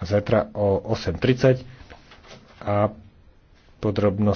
zajtra o 8.30 a podrobno